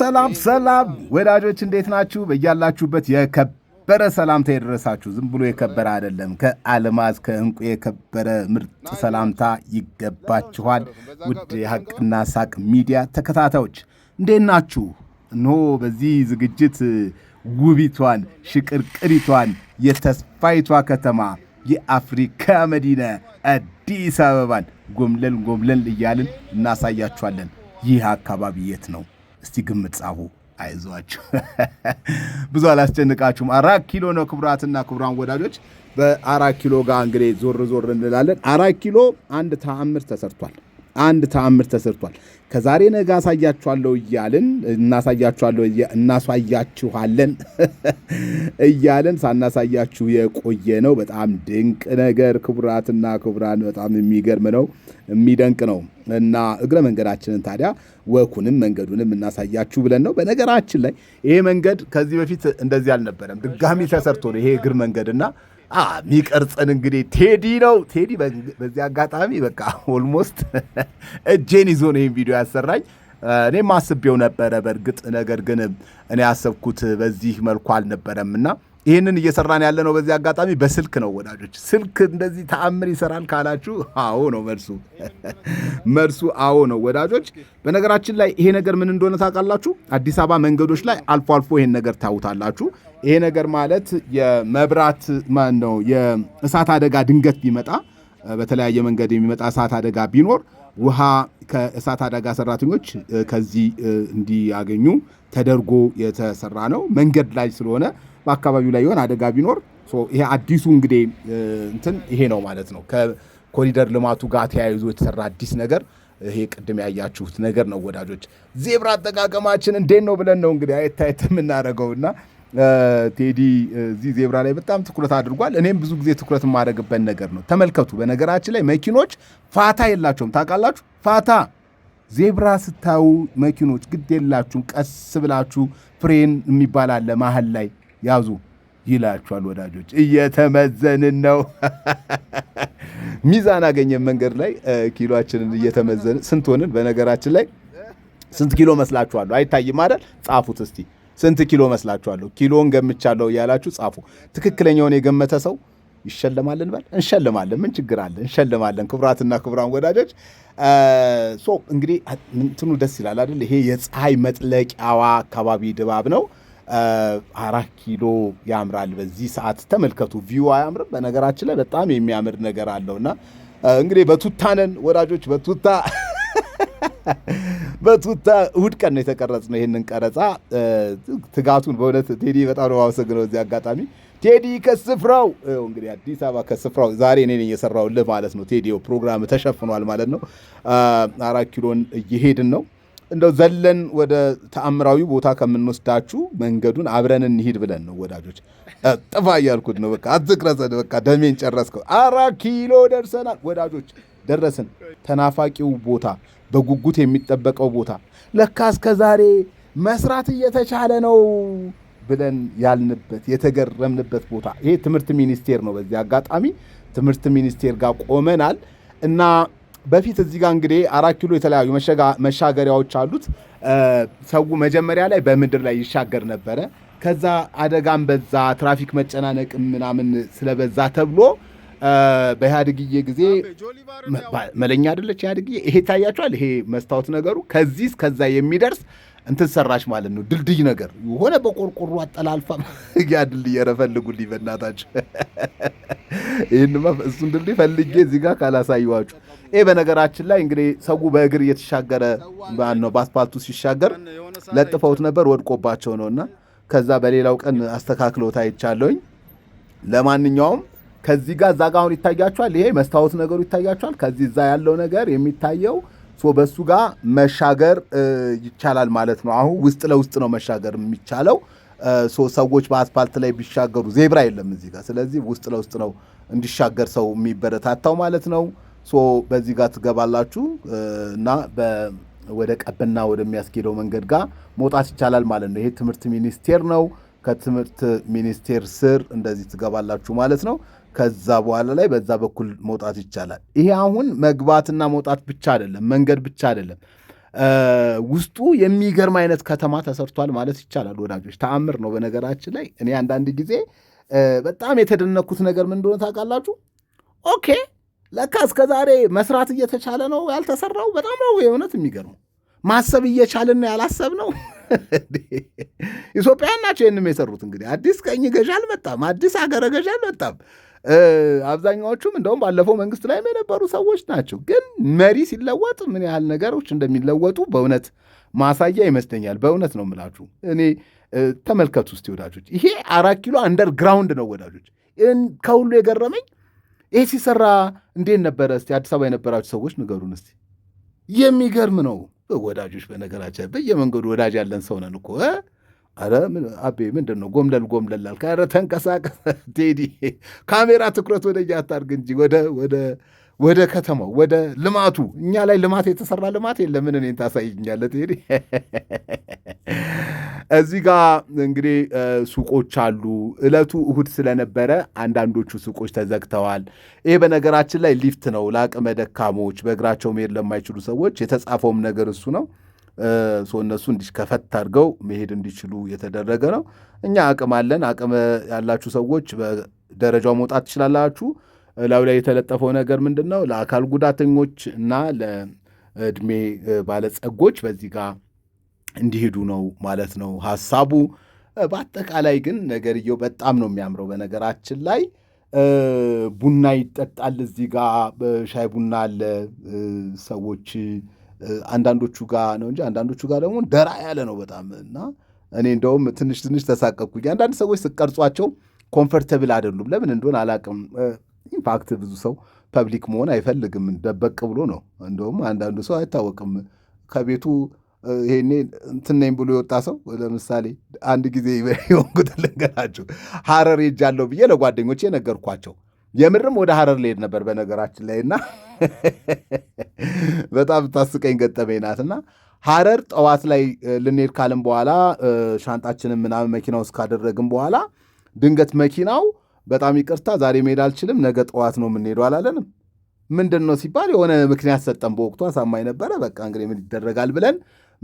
ሰላም ሰላም ወዳጆች እንዴት ናችሁ? በያላችሁበት የከበረ ሰላምታ የደረሳችሁ። ዝም ብሎ የከበረ አይደለም፣ ከአልማዝ ከእንቁ የከበረ ምርጥ ሰላምታ ይገባችኋል። ውድ የሀቅና ሳቅ ሚዲያ ተከታታዮች እንዴት ናችሁ? እንሆ በዚህ ዝግጅት ውቢቷን ሽቅርቅሪቷን የተስፋይቷ ከተማ የአፍሪካ መዲና አዲስ አበባን ጎምለል ጎምለል እያልን እናሳያችኋለን። ይህ አካባቢ የት ነው? እስቲ ግምት ጻፉ። አይዟችሁ ብዙ አላስጨንቃችሁም። አራት ኪሎ ነው። ክቡራትና ክቡራን ወዳጆች በአራት ኪሎ ጋር እንግዲህ ዞር ዞር እንላለን። አራት ኪሎ አንድ ተአምር ተሰርቷል። አንድ ተአምር ተሰርቷል። ከዛሬ ነገ አሳያችኋለሁ እያልን እናሳያችኋለሁ እናሳያችኋለን እያልን ሳናሳያችሁ የቆየ ነው። በጣም ድንቅ ነገር ክቡራትና ክቡራን፣ በጣም የሚገርም ነው፣ የሚደንቅ ነው እና እግረ መንገዳችንን ታዲያ ወኩንም መንገዱንም እናሳያችሁ ብለን ነው። በነገራችን ላይ ይሄ መንገድ ከዚህ በፊት እንደዚህ አልነበረም፣ ድጋሚ ተሰርቶ ነው ይሄ እግር መንገድና የሚቀርጸን እንግዲህ ቴዲ ነው። ቴዲ በዚህ አጋጣሚ በቃ ኦልሞስት እጄን ይዞ ነው ይህን ቪዲዮ ያሰራኝ። እኔም አስቤው ነበረ በእርግጥ ነገር ግን እኔ ያሰብኩት በዚህ መልኩ አልነበረምና ይህንን እየሰራን ያለ ነው። በዚህ አጋጣሚ በስልክ ነው ወዳጆች። ስልክ እንደዚህ ተአምር ይሰራል ካላችሁ አዎ ነው መልሱ። መልሱ አዎ ነው ወዳጆች። በነገራችን ላይ ይሄ ነገር ምን እንደሆነ ታውቃላችሁ? አዲስ አበባ መንገዶች ላይ አልፎ አልፎ ይሄን ነገር ታውታላችሁ። ይሄ ነገር ማለት የመብራት ነው የእሳት አደጋ ድንገት ቢመጣ በተለያየ መንገድ የሚመጣ እሳት አደጋ ቢኖር ውሃ ከእሳት አደጋ ሰራተኞች ከዚህ እንዲያገኙ ተደርጎ የተሰራ ነው። መንገድ ላይ ስለሆነ በአካባቢው ላይ የሆነ አደጋ ቢኖር ይሄ አዲሱ እንግዲህ እንትን ይሄ ነው ማለት ነው። ከኮሪደር ልማቱ ጋር ተያይዞ የተሰራ አዲስ ነገር ይሄ ቅድም ያያችሁት ነገር ነው ወዳጆች። ዜብራ አጠቃቀማችን እንዴት ነው ብለን ነው እንግዲህ አየት አየት የምናደርገው እና ቴዲ እዚህ ዜብራ ላይ በጣም ትኩረት አድርጓል። እኔም ብዙ ጊዜ ትኩረት የማደርግበት ነገር ነው። ተመልከቱ። በነገራችን ላይ መኪኖች ፋታ የላቸውም ታውቃላችሁ። ፋታ ዜብራ ስታዩ መኪኖች ግድ የላችሁም። ቀስ ብላችሁ ፍሬን የሚባል አለ መሀል ላይ ያዙ ይላችኋል ወዳጆች። እየተመዘንን ነው። ሚዛን አገኘን መንገድ ላይ ኪሎችንን እየተመዘንን ስንት ሆንን? በነገራችን ላይ ስንት ኪሎ መስላችኋለሁ? አይታይም አይደል? ጻፉት እስቲ ስንት ኪሎ መስላችኋለሁ? ኪሎን ገምቻለሁ እያላችሁ ጻፉ። ትክክለኛውን የገመተ ሰው ይሸለማልን? በል እንሸልማለን። ምን ችግር አለ? እንሸልማለን። ክቡራትና ክቡራን ወዳጆች እንግዲህ እንትኑ ደስ ይላል አይደል? ይሄ የፀሐይ መጥለቂያዋ አካባቢ ድባብ ነው። አራት ኪሎ ያምራል። በዚህ ሰዓት ተመልከቱ። ቪው አያምርም? በነገራችን ላይ በጣም የሚያምር ነገር አለውና እንግዲህ በቱታነን ወዳጆች በቱታ በቱታ እሁድ ቀን ነው የተቀረጽ ነው ይህንን ቀረጻ ትጋቱን በእውነት ቴዲ በጣም ነው የማመሰግነው። እዚህ አጋጣሚ ቴዲ ከስፍራው እንግዲህ አዲስ አበባ ከስፍራው ዛሬ እኔ ነኝ የሰራሁልህ ማለት ነው። ቴዲ ፕሮግራም ተሸፍኗል ማለት ነው። አራት ኪሎን እየሄድን ነው እንደው ዘለን ወደ ተአምራዊ ቦታ ከምንወስዳችሁ መንገዱን አብረን እንሂድ ብለን ነው ወዳጆች። ጥፋ እያልኩት ነው። በቃ አትቅረጸን፣ በቃ ደሜን ጨረስከው። አራት ኪሎ ደርሰናል ወዳጆች፣ ደረስን። ተናፋቂው ቦታ፣ በጉጉት የሚጠበቀው ቦታ ለካ እስከ ዛሬ መስራት እየተቻለ ነው ብለን ያልንበት የተገረምንበት ቦታ ይሄ ትምህርት ሚኒስቴር ነው። በዚህ አጋጣሚ ትምህርት ሚኒስቴር ጋር ቆመናል እና በፊት እዚህ ጋር እንግዲህ አራት ኪሎ የተለያዩ መሻገሪያዎች አሉት። ሰው መጀመሪያ ላይ በምድር ላይ ይሻገር ነበረ። ከዛ አደጋም በዛ ትራፊክ መጨናነቅ ምናምን ስለበዛ ተብሎ በኢህአድግዬ ጊዜ መለኛ አደለች ኢህአድግዬ። ይሄ ይታያቸዋል። ይሄ መስታወት ነገሩ ከዚህ እስከዛ የሚደርስ እንትን ሰራች ማለት ነው። ድልድይ ነገር የሆነ በቆርቆሮ አጠላልፋ ያ ድልድይ የረፈልጉልኝ ፈልጉልኝ በእናታችሁ። ይህንማ እሱን ድልድይ ፈልጌ እዚህ ጋር ካላሳየኋችሁ ይህ በነገራችን ላይ እንግዲህ ሰው በእግር እየተሻገረ ነው፣ በአስፓልቱ ሲሻገር ለጥፈውት ነበር ወድቆባቸው ነው እና ከዛ በሌላው ቀን አስተካክሎት አይቻለሁኝ። ለማንኛውም ከዚህ ጋር እዛ ጋር አሁን ይታያችኋል፣ ይሄ መስታወት ነገሩ ይታያችኋል። ከዚህ እዛ ያለው ነገር የሚታየው በሱ ጋር መሻገር ይቻላል ማለት ነው። አሁን ውስጥ ለውስጥ ነው መሻገር የሚቻለው። ሰዎች በአስፓልት ላይ ቢሻገሩ ዜብራ የለም እዚህ ጋር። ስለዚህ ውስጥ ለውስጥ ነው እንዲሻገር ሰው የሚበረታታው ማለት ነው። በዚህ ጋር ትገባላችሁ እና ወደ ቀብና ወደሚያስኬደው መንገድ ጋር መውጣት ይቻላል ማለት ነው። ይሄ ትምህርት ሚኒስቴር ነው። ከትምህርት ሚኒስቴር ስር እንደዚህ ትገባላችሁ ማለት ነው። ከዛ በኋላ ላይ በዛ በኩል መውጣት ይቻላል። ይሄ አሁን መግባትና መውጣት ብቻ አይደለም፣ መንገድ ብቻ አይደለም። ውስጡ የሚገርም አይነት ከተማ ተሰርቷል ማለት ይቻላል ወዳጆች። ተአምር ነው። በነገራችን ላይ እኔ አንዳንድ ጊዜ በጣም የተደነኩት ነገር ምን እንደሆነ ታውቃላችሁ? ኦኬ ለካ እስከ ዛሬ መስራት እየተቻለ ነው ያልተሰራው። በጣም ነው የእውነት የሚገርመው። ማሰብ እየቻልን ነው ያላሰብነው። ኢትዮጵያውያን ናቸው ይህንም የሰሩት። እንግዲህ አዲስ ቀኝ ገዥ አልመጣም፣ አዲስ አገረ ገዥ አልመጣም። አብዛኛዎቹም እንደውም ባለፈው መንግስት ላይም የነበሩ ሰዎች ናቸው። ግን መሪ ሲለወጥ ምን ያህል ነገሮች እንደሚለወጡ በእውነት ማሳያ ይመስለኛል። በእውነት ነው የምላችሁ። እኔ ተመልከቱ እስቲ ወዳጆች፣ ይሄ አራት ኪሎ አንደርግራውንድ ነው ወዳጆች። ከሁሉ የገረመኝ ይሄ ሲሰራ እንዴት ነበረ? እስቲ አዲስ አበባ የነበራችሁ ሰዎች ንገሩን እስቲ። የሚገርም ነው ወዳጆች። በነገራችን በየመንገዱ ወዳጅ ያለን ሰው ነን እኮ። አረ አቤ ምንድን ነው ጎምለል ጎምለል አልክ። አረ ተንቀሳቀስ ቴዲ፣ ካሜራ ትኩረት ወደ እያታርግ እንጂ ወደ ወደ ወደ ከተማው ወደ ልማቱ እኛ ላይ ልማት የተሰራ ልማት የለምን? እኔን ታሳይኛለት። ይሄ እዚህ ጋር እንግዲህ ሱቆች አሉ። እለቱ እሁድ ስለነበረ አንዳንዶቹ ሱቆች ተዘግተዋል። ይሄ በነገራችን ላይ ሊፍት ነው ለአቅመ ደካሞች፣ በእግራቸው መሄድ ለማይችሉ ሰዎች የተጻፈውም ነገር እሱ ነው። እነሱ ከፈት አድርገው መሄድ እንዲችሉ የተደረገ ነው። እኛ አቅም አለን። አቅም ያላችሁ ሰዎች በደረጃው መውጣት ትችላላችሁ። እላዩ ላይ የተለጠፈው ነገር ምንድን ነው? ለአካል ጉዳተኞች እና ለእድሜ ባለጸጎች በዚህ ጋር እንዲሄዱ ነው ማለት ነው ሀሳቡ። በአጠቃላይ ግን ነገርየው በጣም ነው የሚያምረው። በነገራችን ላይ ቡና ይጠጣል እዚህ ጋር ሻይ ቡና አለ። ሰዎች አንዳንዶቹ ጋር ነው እንጂ አንዳንዶቹ ጋር ደግሞ ደራ ያለ ነው በጣም እና እኔ እንደውም ትንሽ ትንሽ ተሳቀቅኩኝ። አንዳንድ ሰዎች ስቀርጿቸው ኮምፈርተብል አይደሉም። ለምን እንደሆነ አላቅም። ኢንፋክት ብዙ ሰው ፐብሊክ መሆን አይፈልግም፣ ደበቅ ብሎ ነው። እንደውም አንዳንዱ ሰው አይታወቅም ከቤቱ ይሄኔ እንትነኝ ብሎ የወጣ ሰው ለምሳሌ አንድ ጊዜ የሆንኩትን ልንገራችሁ። ሐረር ሄጃለሁ ብዬ ለጓደኞች የነገርኳቸው የምርም ወደ ሀረር ልሄድ ነበር በነገራችን ላይ እና በጣም ታስቀኝ ገጠመኝ ናት እና ሀረር ጠዋት ላይ ልንሄድ ካልን በኋላ ሻንጣችንን ምናምን መኪናው እስካደረግም ካደረግን በኋላ ድንገት መኪናው በጣም ይቅርታ ዛሬ መሄድ አልችልም፣ ነገ ጠዋት ነው የምንሄደው አላለንም። ምንድን ነው ሲባል የሆነ ምክንያት ሰጠን። በወቅቱ አሳማኝ ነበረ። በቃ እንግዲህ ምን ይደረጋል ብለን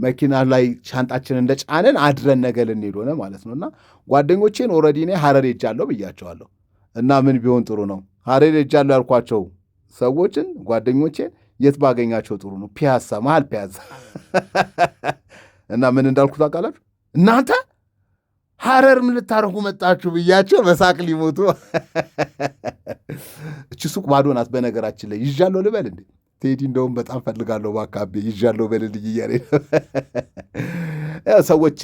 መኪና ላይ ሻንጣችን እንደጫንን አድረን ነገ ልንሄድ ሆነ ማለት ነው። እና ጓደኞቼን ኦልሬዲ እኔ ሀረር ሄጃለሁ ብያቸዋለሁ። እና ምን ቢሆን ጥሩ ነው ሀረር ሄጃለሁ ያልኳቸው ሰዎችን ጓደኞቼን የት ባገኛቸው ጥሩ ነው? ፒያሳ መሀል ፒያዛ። እና ምን እንዳልኩት ታውቃላችሁ እናንተ ሀረር ምን ልታረጉ መጣችሁ ብያቸው በሳቅ ሊሞቱ። እች ሱቅ ባዶ ናት በነገራችን ላይ ይዣለሁ ልበል እንዴ ቴዲ፣ እንደውም በጣም ፈልጋለሁ ባካቤ ይዣለሁ በልልኝ እያለ ሰዎች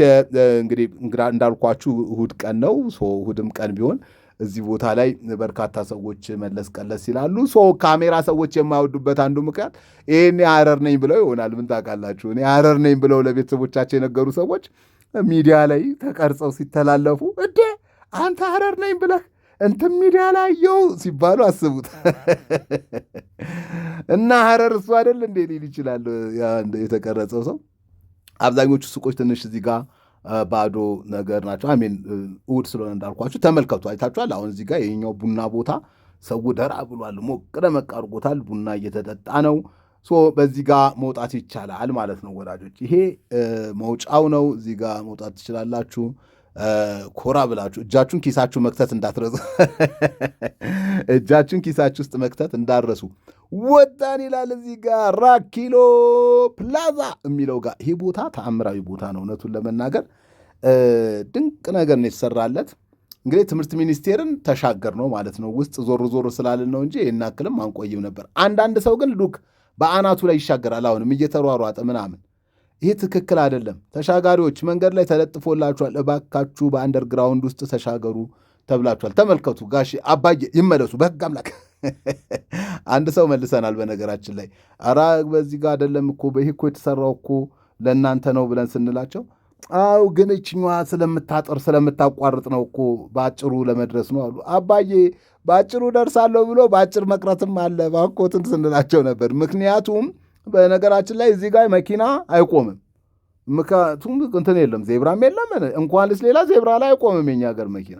እንግዲህ እንዳልኳችሁ እሁድ ቀን ነው። እሁድም ቀን ቢሆን እዚህ ቦታ ላይ በርካታ ሰዎች መለስ ቀለስ ይላሉ። ሶ ካሜራ ሰዎች የማይወዱበት አንዱ ምክንያት ይህን ሐረር ነኝ ብለው ይሆናል። ምን ታውቃላችሁ? እኔ ሐረር ነኝ ብለው ለቤተሰቦቻቸው የነገሩ ሰዎች ሚዲያ ላይ ተቀርጸው ሲተላለፉ እደ አንተ ሀረር ነኝ ብለህ እንትን ሚዲያ ላይ አየው ሲባሉ አስቡት እና ሀረር እሱ አይደል እንዴ ሊል ይችላል የተቀረጸው ሰው። አብዛኞቹ ሱቆች ትንሽ እዚህ ጋር ባዶ ነገር ናቸው። አሜን እሑድ ስለሆነ እንዳልኳችሁ ተመልከቱ፣ አይታችኋል። አሁን እዚህ ጋር የኛው ቡና ቦታ ሰው ደራ ብሏል፣ ሞቅ ደመቅ አድርጎታል። ቡና እየተጠጣ ነው። በዚህ ጋር መውጣት ይቻላል ማለት ነው ወዳጆች። ይሄ መውጫው ነው። እዚህ ጋ መውጣት ትችላላችሁ። ኮራ ብላችሁ እጃችሁን ኪሳችሁ መክተት እንዳትረሱ፣ እጃችሁን ኪሳችሁ ውስጥ መክተት እንዳረሱ ወጣን ይላል እዚህ ጋር ራኪሎ ፕላዛ የሚለው ጋር ይሄ ቦታ ተአምራዊ ቦታ ነው። እውነቱን ለመናገር ድንቅ ነገር ነው የተሰራለት። እንግዲህ ትምህርት ሚኒስቴርን ተሻገር ነው ማለት ነው። ውስጥ ዞር ዞር ስላልን ነው እንጂ ይናክልም አንቆይም ነበር። አንዳንድ ሰው ግን ሉክ በአናቱ ላይ ይሻገራል። አሁንም እየተሯሯጠ ምናምን ይህ ትክክል አይደለም። ተሻጋሪዎች መንገድ ላይ ተለጥፎላችኋል። እባካችሁ በአንደርግራውንድ ውስጥ ተሻገሩ ተብላችኋል። ተመልከቱ ጋሽ አባዬ ይመለሱ። በህግ አምላክ አንድ ሰው መልሰናል። በነገራችን ላይ ኧረ በዚህ ጋር አይደለም እኮ በይህ እኮ የተሰራው እኮ ለእናንተ ነው ብለን ስንላቸው አው ግን እችኛ ስለምታጠር ስለምታቋርጥ ነው እኮ በአጭሩ ለመድረስ ነው አሉ። አባዬ በአጭሩ ደርሳለሁ ብሎ በአጭር መቅረትም አለ። ባኮትን ስንላቸው ነበር። ምክንያቱም በነገራችን ላይ እዚህ ጋር መኪና አይቆምም። ምክንያቱም እንትን የለም፣ ዜብራም የለም። እንኳንስ ሌላ ዜብራ ላይ አይቆምም የኛ ሀገር መኪና።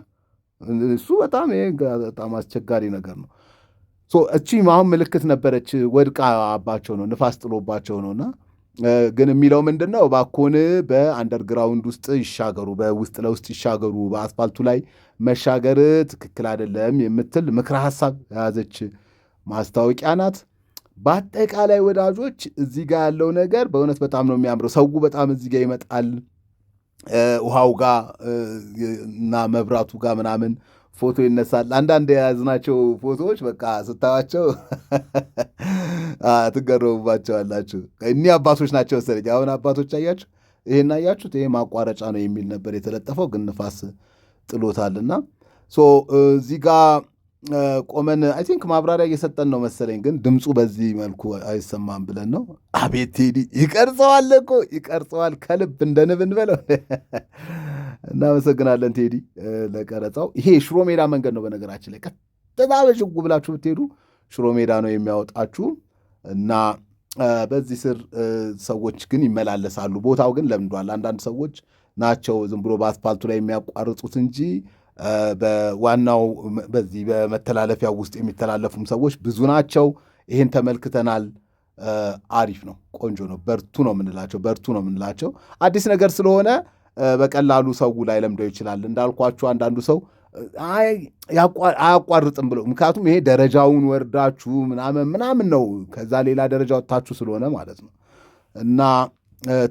እሱ በጣም ይሄ በጣም አስቸጋሪ ነገር ነው። እቺ አሁን ምልክት ነበረች፣ ወድቃ አባቸው ነው ንፋስ ጥሎባቸው ነውና ግን የሚለው ምንድን ነው? እባክዎን በአንደርግራውንድ ውስጥ ይሻገሩ፣ በውስጥ ለውስጥ ይሻገሩ፣ በአስፋልቱ ላይ መሻገር ትክክል አይደለም የምትል ምክረ ሀሳብ የያዘች ማስታወቂያ ናት። በአጠቃላይ ወዳጆች እዚህ ጋር ያለው ነገር በእውነት በጣም ነው የሚያምረው። ሰው በጣም እዚህ ጋር ይመጣል። ውሃው ጋር እና መብራቱ ጋር ምናምን ፎቶ ይነሳል። አንዳንድ የያዝናቸው ፎቶዎች በቃ ስታዩቸው ትገረቡባቸዋላችሁ። እኒህ አባቶች ናቸው መሰለኝ። አሁን አባቶች አያችሁ፣ ይሄን አያችሁት፣ ይሄ ማቋረጫ ነው የሚል ነበር የተለጠፈው ግን ንፋስ ጥሎታልና እዚህ ጋር ቆመን አይ ቲንክ ማብራሪያ እየሰጠን ነው መሰለኝ፣ ግን ድምፁ በዚህ መልኩ አይሰማም ብለን ነው። አቤት ቴዲ ይቀርጸዋል እኮ ይቀርጸዋል፣ ከልብ እንደ ንብ እንበለው። እናመሰግናለን ቴዲ ለቀረጻው። ይሄ ሽሮ ሜዳ መንገድ ነው በነገራችን ላይ፣ ቀጥታ በሽጉ ብላችሁ ብትሄዱ ሽሮ ሜዳ ነው የሚያወጣችሁ እና በዚህ ስር ሰዎች ግን ይመላለሳሉ። ቦታው ግን ለምዷል። አንዳንድ ሰዎች ናቸው ዝም ብሎ በአስፓልቱ ላይ የሚያቋርጡት እንጂ በዋናው በዚህ በመተላለፊያ ውስጥ የሚተላለፉም ሰዎች ብዙ ናቸው። ይህን ተመልክተናል። አሪፍ ነው፣ ቆንጆ ነው። በርቱ ነው የምንላቸው በርቱ ነው የምንላቸው አዲስ ነገር ስለሆነ በቀላሉ ሰው ላይ ለምደው ይችላል። እንዳልኳችሁ አንዳንዱ ሰው አያቋርጥም ብለው ምክንያቱም ይሄ ደረጃውን ወርዳችሁ ምናምን ምናምን ነው ከዛ ሌላ ደረጃ ወጥታችሁ ስለሆነ ማለት ነው እና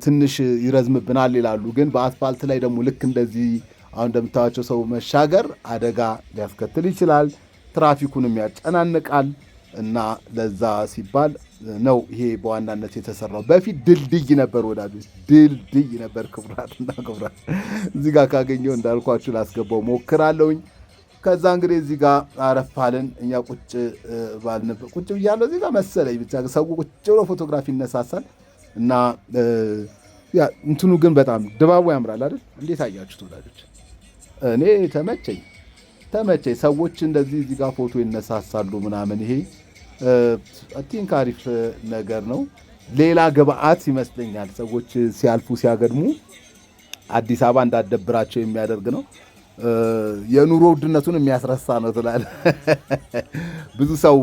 ትንሽ ይረዝምብናል ይላሉ። ግን በአስፋልት ላይ ደግሞ ልክ እንደዚህ አሁን እንደምታዩቸው ሰው መሻገር አደጋ ሊያስከትል ይችላል፣ ትራፊኩንም ያጨናንቃል እና ለዛ ሲባል ነው ይሄ በዋናነት የተሰራው። በፊት ድልድይ ነበር ወዳጆች፣ ድልድይ ነበር። ክቡራትና ክቡራት እዚህ ጋር ካገኘው እንዳልኳችሁ ላስገባው ሞክራለሁኝ። ከዛ እንግዲህ እዚህ ጋር አረፋልን እኛ ቁጭ ባልንበት ቁጭ ብያለሁ እዚህ ጋር መሰለኝ። ብቻ ሰው ቁጭ ብሎ ፎቶግራፊ ይነሳሳል። እና ያ እንትኑ ግን በጣም ድባቡ ያምራል አይደል? እንዴት አያችሁት ወላጆች? እኔ ተመቸኝ ተመቸኝ። ሰዎች እንደዚህ እዚህ ጋር ፎቶ ይነሳሳሉ ምናምን። ይሄ አቲንክ አሪፍ ነገር ነው። ሌላ ግብአት ይመስለኛል ሰዎች ሲያልፉ ሲያገድሙ አዲስ አበባ እንዳደብራቸው የሚያደርግ ነው። የኑሮ ውድነቱን የሚያስረሳ ነው ትላል። ብዙ ሰው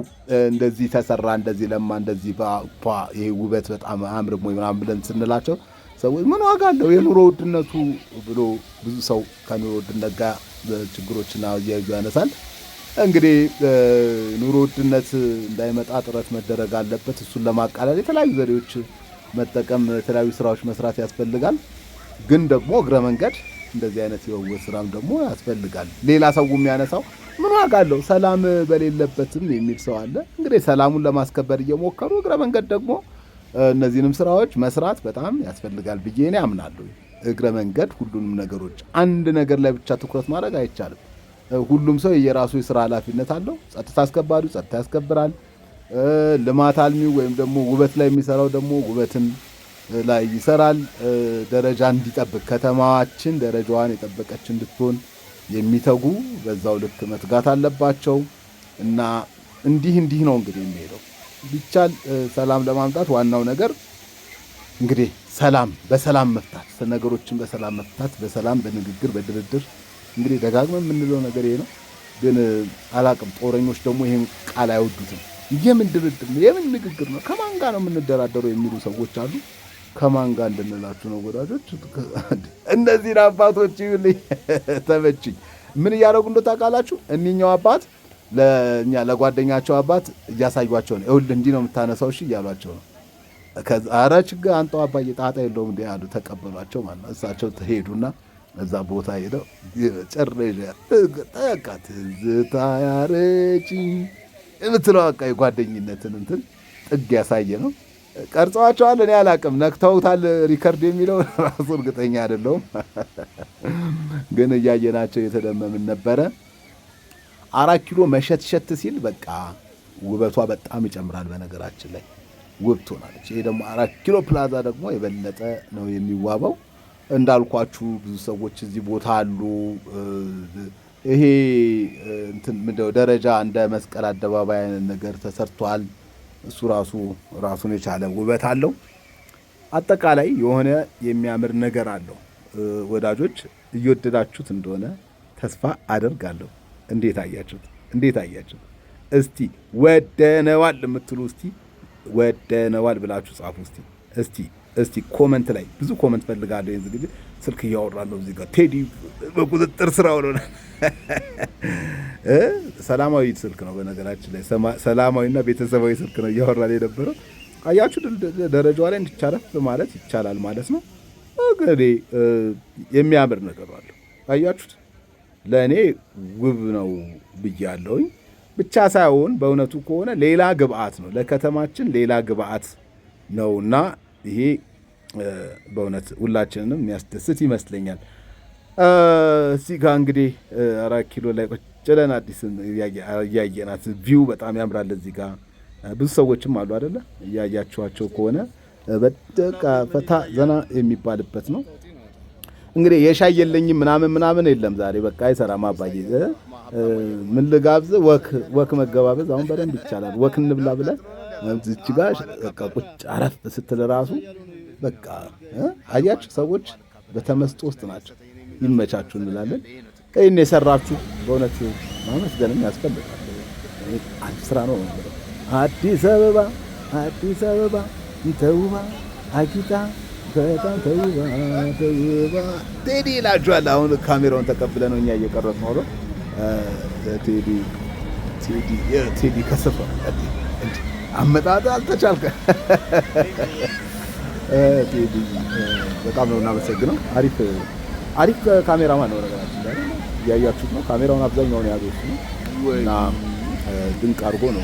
እንደዚህ ተሰራ፣ እንደዚህ ለማ፣ እንደዚህ ይሄ ውበት በጣም አምር ሞ ምናምን ብለን ስንላቸው ሰዎች ምን ዋጋ አለው የኑሮ ውድነቱ ብሎ ብዙ ሰው ከኑሮ ውድነት ጋር ችግሮችና አያይዞ ያነሳል። እንግዲህ ኑሮ ውድነት እንዳይመጣ ጥረት መደረግ አለበት። እሱን ለማቃለል የተለያዩ ዘዴዎች መጠቀም፣ የተለያዩ ስራዎች መስራት ያስፈልጋል። ግን ደግሞ እግረ መንገድ እንደዚህ አይነት የውበት ስራም ደግሞ ያስፈልጋል። ሌላ ሰው የሚያነሳው ምን ዋጋ አለው ሰላም በሌለበትም የሚል ሰው አለ። እንግዲህ ሰላሙን ለማስከበር እየሞከሩ እግረ መንገድ ደግሞ እነዚህንም ስራዎች መስራት በጣም ያስፈልጋል ብዬ እኔ አምናለሁ። እግረ መንገድ ሁሉንም ነገሮች አንድ ነገር ላይ ብቻ ትኩረት ማድረግ አይቻልም። ሁሉም ሰው የየራሱ የስራ ኃላፊነት አለው። ጸጥታ አስከባሪው ጸጥታ ያስከብራል። ልማት አልሚው ወይም ደግሞ ውበት ላይ የሚሰራው ደግሞ ውበትን ላይ ይሰራል። ደረጃ እንዲጠብቅ ከተማችን ደረጃዋን የጠበቀች እንድትሆን የሚተጉ በዛው ልክ መትጋት አለባቸው እና እንዲህ እንዲህ ነው እንግዲህ የሚሄደው። ቢቻል ሰላም ለማምጣት ዋናው ነገር እንግዲህ ሰላም በሰላም መፍታት፣ ነገሮችን በሰላም መፍታት፣ በሰላም በንግግር በድርድር እንግዲህ ደጋግመን የምንለው ነገር ይሄ ነው። ግን አላቅም ጦረኞች ደግሞ ይሄን ቃል አይወዱትም። የምን ድርድር ነው? የምን ንግግር ነው? ከማን ጋር ነው የምንደራደረው? የሚሉ ሰዎች አሉ። ከማን ጋር እንድንላችሁ ነው ወዳጆች? እነዚህን አባቶች ይሁልኝ ተመችኝ። ምን እያደረጉ እንደ ታውቃላችሁ? እኒኛው አባት ለእኛ ለጓደኛቸው አባት እያሳዩቸው ነው። ይኸውልህ እንዲህ ነው የምታነሳው እሺ እያሏቸው ነው። ኧረ ችግር አንተው አባዬ ጣጣ የለውም እንዲ አሉ። ተቀበሏቸው ማለት ነው። እሳቸው ተሄዱና እዛ ቦታ ሄደው ጨረሻ በቃ ትዝታ ያረጭኝ የምትለው በቃ የጓደኝነትን እንትን ጥግ ያሳየ ነው። ቀርጸዋቸዋል። እኔ አላቅም ነክተውታል። ሪከርድ የሚለው ራሱ እርግጠኛ አይደለሁም፣ ግን እያየናቸው የተደመምን ነበረ። አራት ኪሎ መሸትሸት ሲል በቃ ውበቷ በጣም ይጨምራል። በነገራችን ላይ ውብ ትሆናለች። ይሄ ደግሞ አራት ኪሎ ፕላዛ ደግሞ የበለጠ ነው የሚዋበው። እንዳልኳችሁ ብዙ ሰዎች እዚህ ቦታ አሉ። ይሄ ደረጃ እንደ መስቀል አደባባይ አይነት ነገር ተሰርቷል። እሱ ራሱ ራሱን የቻለ ውበት አለው። አጠቃላይ የሆነ የሚያምር ነገር አለው። ወዳጆች እየወደዳችሁት እንደሆነ ተስፋ አደርጋለሁ። እንዴት አያችሁት? እንዴት አያችሁት? እስቲ ወደነዋል የምትሉ እስቲ ወደነዋል ብላችሁ ጻፉ። እስቲ እስቲ እስቲ ኮመንት ላይ ብዙ ኮመንት ፈልጋለሁ። ይህን ዝግጅት ስልክ እያወራ ነው። እዚህ ጋር ቴዲ በቁጥጥር ስራ ውሎና ሰላማዊ ስልክ ነው። በነገራችን ላይ ሰላማዊና ቤተሰባዊ ስልክ ነው እያወራ የነበረው። አያችሁ ደረጃዋ ላይ እንድቻረፍ ማለት ይቻላል ማለት ነው። እንግዲህ የሚያምር ነገር አለ። አያችሁት፣ ለእኔ ውብ ነው ብያለሁኝ ብቻ ሳይሆን በእውነቱ ከሆነ ሌላ ግብአት ነው ለከተማችን ሌላ ግብአት ነውና ይሄ በእውነት ሁላችንንም የሚያስደስት ይመስለኛል። እዚህ ጋ እንግዲህ አራት ኪሎ ላይ ጭለን አዲስን እያየናት ቪው በጣም ያምራል። እዚህ ብዙ ሰዎችም አሉ አደለ? እያያችኋቸው ከሆነ በቃ ፈታ ዘና የሚባልበት ነው። እንግዲህ የሻይ የለኝም ምናምን ምናምን የለም ዛሬ በቃ አይሰራም። አባዬ ምን ልጋብዝ? ወክ ወክ መገባበዝ አሁን በደንብ ይቻላል። ወክ እንብላ ብለን እዚህ ቁጭ አረፍ ስትል ራሱ በቃ አያችሁ ሰዎች በተመስጦ ውስጥ ናቸው። ይመቻችሁ እንላለን። ይህን የሰራችሁ በእውነት ማመስገንም ያስፈልጋል። አንድ ስራ ነው። አዲስ አበባ አዲስ አበባ ተውባ አጊጣ በጣም ተውባ ተውባ ቴዲ ይላችኋል። አሁን ካሜራውን ተቀብለ ነው እኛ እየቀረት ነው። ቴዲ ቴዲ ቴዲ ከስፋ አመጣጥ አልተቻልከ በጣም ነው እናመሰግነው። አሪፍ አሪፍ ካሜራማን ነው። ነገራችን ላይ እያያችሁት ነው። ካሜራውን አብዛኛውን ያዘች ነው እና ድንቅ አድርጎ ነው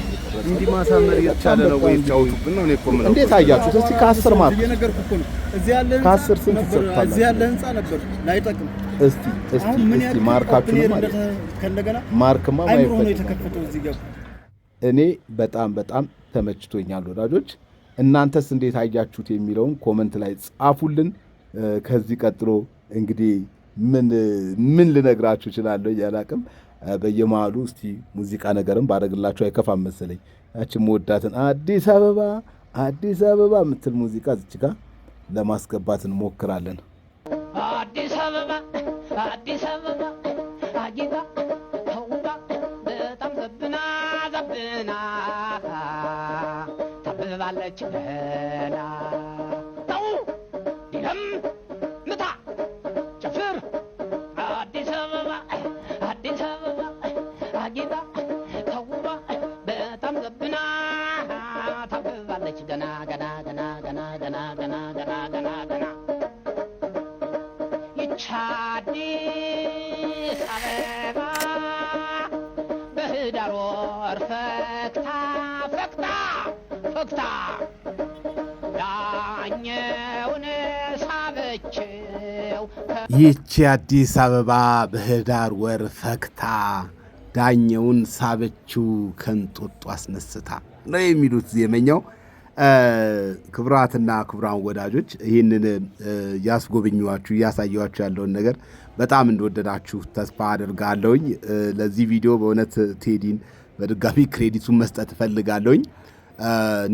እንዲህ ማሳመር የተቻለ ነው ወይ ጫውቱብን ነው። እኔ እኮ ምን እንዴት አያችሁት? እስቲ ከአስር ማለት እየነገርኩህ እኮ ነው። እዚህ ያለ ከአስር ስንት ሰጥታለህ? እዚህ ያለ ህንጻ ነበር ላይጠቅም። እስቲ እስቲ እስቲ ማርካችሁ ማለት ከእንደገና ማርክማ ማይፈት እኔ በጣም በጣም ተመችቶኛል ወዳጆች። እናንተስ እንዴት አያችሁት የሚለውን ኮመንት ላይ ጻፉልን። ከዚህ ቀጥሎ እንግዲህ ምን ምን ልነግራችሁ እችላለሁ እያላቅም በየመሃሉ እስቲ ሙዚቃ ነገርም ባደረግላችሁ አይከፋም መሰለኝ። ያችን መወዳትን አዲስ አበባ አዲስ አበባ የምትል ሙዚቃ እዚች ጋ ለማስገባት እንሞክራለን። አዲስ አበባ አዲስ አበባ gana gana gana gana gana gana gana አዲስ አበባ በህዳር ወር ፈክታ ፈክታ ፈክታ ዳኘውን ሳበችው። ይቺ አዲስ አበባ በህዳር ወር ፈክታ ዳኘውን ሳበችው ከንጦጡ አስነስታ ነው የሚሉት ዜመኛው። ክቡራትና ክቡራን ወዳጆች ይህንን እያስጎበኘኋችሁ እያሳየኋችሁ ያለውን ነገር በጣም እንደወደዳችሁ ተስፋ አድርጋለሁኝ። ለዚህ ቪዲዮ በእውነት ቴዲን በድጋሚ ክሬዲቱን መስጠት እፈልጋለሁኝ።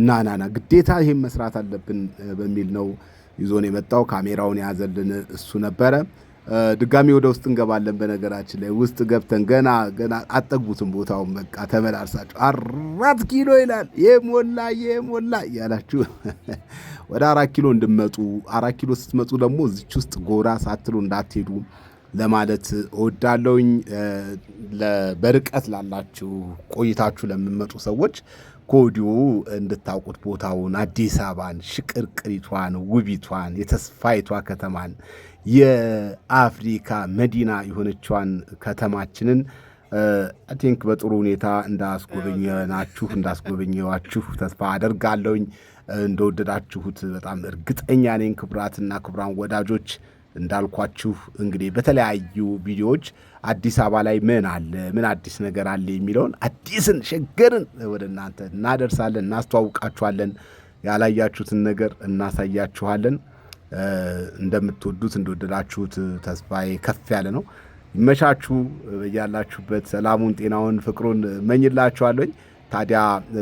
ናናና ግዴታ ይህም መስራት አለብን በሚል ነው ይዞን የመጣው ካሜራውን የያዘልን እሱ ነበረ። ድጋሚ ወደ ውስጥ እንገባለን። በነገራችን ላይ ውስጥ ገብተን ገና ገና አጠግቡትም ቦታውን በቃ ተመላልሳችሁ አራት ኪሎ ይላል የሞላ የሞላ እያላችሁ ወደ አራት ኪሎ እንድመጡ አራት ኪሎ ስትመጡ ደግሞ እዚች ውስጥ ጎራ ሳትሉ እንዳትሄዱ ለማለት እወዳለሁኝ። በርቀት ላላችሁ ቆይታችሁ ለምመጡ ሰዎች ከወዲሁ እንድታውቁት ቦታውን አዲስ አበባን፣ ሽቅርቅሪቷን፣ ውቢቷን የተስፋይቷ ከተማን የአፍሪካ መዲና የሆነችዋን ከተማችንን አይ ቲንክ በጥሩ ሁኔታ እንዳስጎበኘናችሁ እንዳስጎበኘዋችሁ ተስፋ አደርጋለሁኝ። እንደወደዳችሁት በጣም እርግጠኛ ነኝ። ክቡራትና ክቡራን ወዳጆች እንዳልኳችሁ እንግዲህ በተለያዩ ቪዲዮዎች አዲስ አበባ ላይ ምን አለ፣ ምን አዲስ ነገር አለ የሚለውን አዲስን ሸገርን ወደ እናንተ እናደርሳለን፣ እናስተዋውቃችኋለን። ያላያችሁትን ነገር እናሳያችኋለን። እንደምትወዱት እንደወደዳችሁት ተስፋዬ ከፍ ያለ ነው። ይመቻችሁ። ያላችሁበት ሰላሙን፣ ጤናውን፣ ፍቅሩን መኝላችኋለኝ። ታዲያ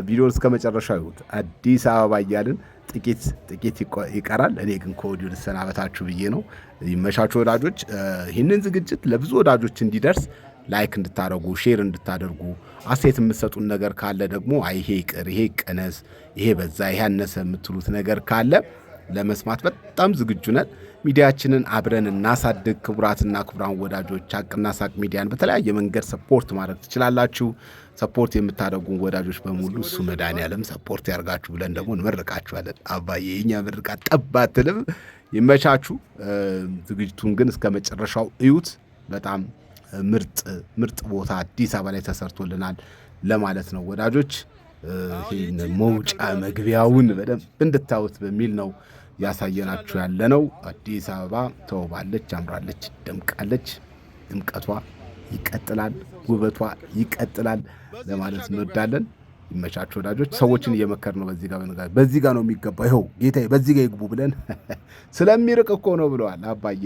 ቪዲዮን እስከ መጨረሻው ይሁት። አዲስ አበባ እያልን ጥቂት ጥቂት ይቀራል። እኔ ግን ከወዲሁ ልሰናበታችሁ ብዬ ነው። ይመቻችሁ ወዳጆች። ይህንን ዝግጅት ለብዙ ወዳጆች እንዲደርስ ላይክ እንድታደርጉ ሼር እንድታደርጉ፣ አስተያየት የምትሰጡን ነገር ካለ ደግሞ አይ ይሄ ይቅር፣ ይሄ ይቀነስ፣ ይሄ በዛ፣ ይሄ ያነሰ የምትሉት ነገር ካለ ለመስማት በጣም ዝግጁ ነን። ሚዲያችንን አብረን እናሳድግ። ክቡራትና ክቡራን ወዳጆች ሀቅና ሳቅ ሚዲያን በተለያየ መንገድ ሰፖርት ማድረግ ትችላላችሁ። ሰፖርት የምታደርጉን ወዳጆች በሙሉ እሱ መድኃኒዓለም ሰፖርት ያርጋችሁ ብለን ደግሞ እንመርቃችኋለን። አባዬ የኛ ምርቃት ጠባትልም ይመቻችሁ። ዝግጅቱን ግን እስከ መጨረሻው እዩት። በጣም ምርጥ ምርጥ ቦታ አዲስ አበባ ላይ ተሰርቶልናል ለማለት ነው ወዳጆች። ይህን መውጫ መግቢያውን በደንብ እንድታዩት በሚል ነው ያሳየናችሁ ያለ ነው። አዲስ አበባ ተውባለች፣ አምራለች፣ ደምቃለች። ድምቀቷ ይቀጥላል፣ ውበቷ ይቀጥላል ለማለት እንወዳለን። ይመቻችሁ ወዳጆች። ሰዎችን እየመከር ነው። በዚህ ጋር በነጋ በዚህ ጋር ነው የሚገባው፣ ይኸው ጌታ በዚህ ጋር ይግቡ ብለን ስለሚርቅ እኮ ነው ብለዋል አባዬ።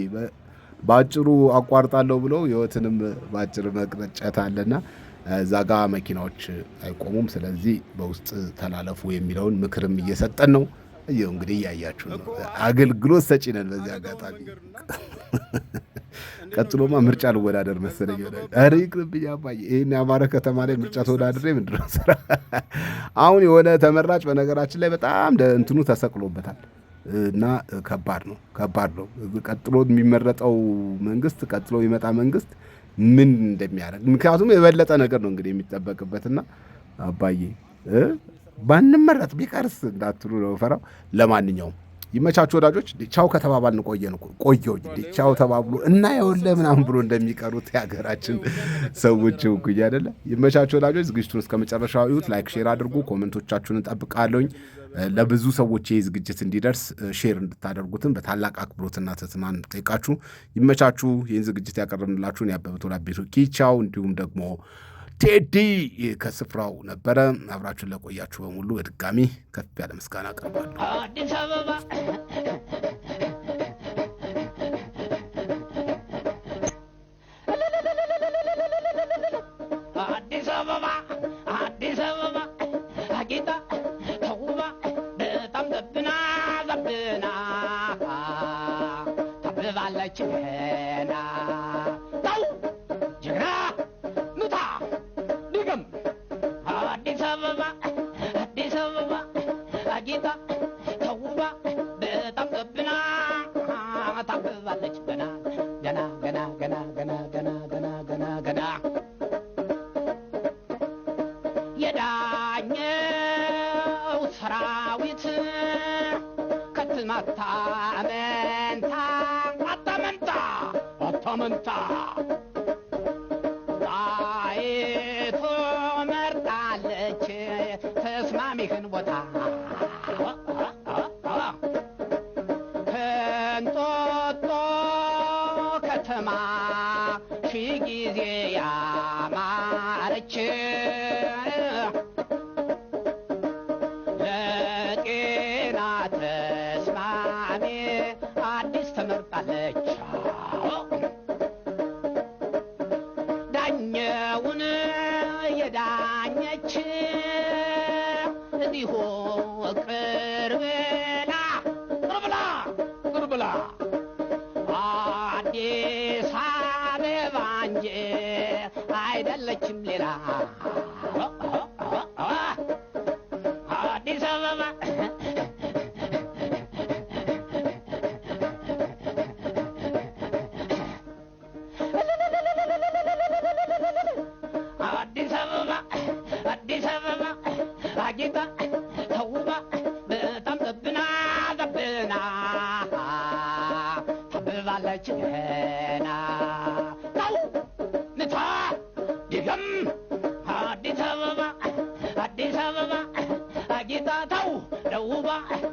በአጭሩ አቋርጣለሁ ብለው ህይወትንም በአጭር መቅረጨት አለና እዛ ጋ መኪናዎች አይቆሙም። ስለዚህ በውስጥ ተላለፉ የሚለውን ምክርም እየሰጠን ነው። ይኸው እንግዲህ እያያችሁ ነው። አገልግሎት ሰጪ ነን። በዚህ አጋጣሚ ቀጥሎማ ምርጫ ልወዳደር መሰለኝ ሆነ ኧረ ይቅርብኝ አባዬ። ይህን የአማረ ከተማ ላይ ምርጫ ተወዳድሬ ምንድን ነው ስራ አሁን የሆነ ተመራጭ በነገራችን ላይ በጣም እንትኑ ተሰቅሎበታል እና ከባድ ነው፣ ከባድ ነው። ቀጥሎ የሚመረጠው መንግስት፣ ቀጥሎ የሚመጣ መንግስት ምን እንደሚያደርግ ምክንያቱም የበለጠ ነገር ነው እንግዲህ የሚጠበቅበትና አባዬ ባንመረጥ ቢቀርስ እንዳትሉ ነው ፈራው። ለማንኛውም ይመቻችሁ ወዳጆች። ቻው ከተባባልን ቆየን ቆየው ቻው ተባብሎ እና የወለ ምናምን ብሎ እንደሚቀሩት የሀገራችን ሰዎች እኩያ አይደለ። ይመቻችሁ ወዳጆች። ዝግጅቱን እስከ መጨረሻው ይዩት። ላይክ ሼር አድርጉ። ኮመንቶቻችሁን እንጠብቃለኝ። ለብዙ ሰዎች ይህ ዝግጅት እንዲደርስ ሼር እንድታደርጉትን በታላቅ አክብሮትና ትህትና ጠይቃችሁ ይመቻችሁ። ይህን ዝግጅት ያቀረብንላችሁን የአበበ ቶላ ቤቱ ኪቻው፣ እንዲሁም ደግሞ ቴዲ ከስፍራው ነበረ። አብራችሁን ለቆያችሁ በሙሉ በድጋሚ ከፍ ያለ ምስጋና አቀርባለሁ። ታብባለች ገና ገና ገና ገና ገና ገና ገና ገና ገና የዳኘው ሰራዊት ከትመታ አመንታ አታመንታ አታመንታ ዳኛውን የዳኘች እንዲሁ 还有